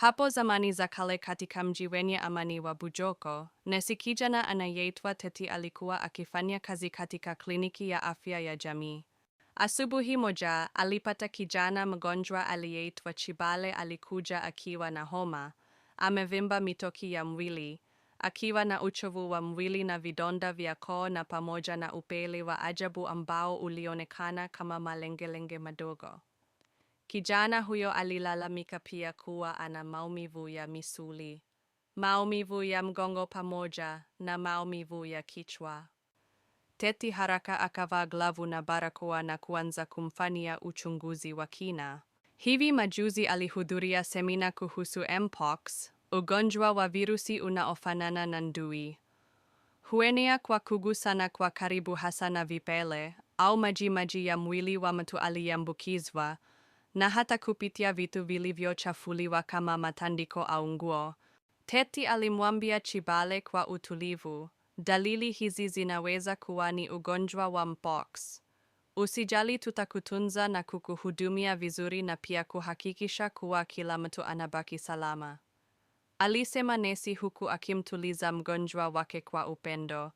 Hapo zamani za kale katika mji wenye amani wa Bujoko, nesi kijana anayeitwa Teti alikuwa akifanya kazi katika kliniki ya afya ya jamii. Asubuhi moja, alipata kijana mgonjwa aliyeitwa Chibale alikuja akiwa na homa, amevimba mitoki ya mwili, akiwa na uchovu wa mwili na vidonda vya koo na pamoja na upele wa ajabu ambao ulionekana kama malengelenge madogo. Kijana huyo alilalamika pia kuwa ana maumivu ya misuli, maumivu ya mgongo pamoja na maumivu ya kichwa. Teti haraka akavaa glavu na barakoa na kuanza kumfanyia uchunguzi wa kina. Hivi majuzi alihudhuria semina kuhusu mpox, ugonjwa wa virusi unaofanana na ndui. Huenea kwa kugusana kwa karibu, hasa na vipele au majimaji ya mwili wa mtu aliyeambukizwa na hata kupitia vitu vilivyochafuliwa kama matandiko au nguo. Teti alimwambia Chibale kwa utulivu, dalili hizi zinaweza kuwa ni ugonjwa wa mpox. Usijali, tutakutunza na kukuhudumia vizuri na pia kuhakikisha kuwa kila mtu anabaki salama, alisema nesi huku akimtuliza mgonjwa wake kwa upendo.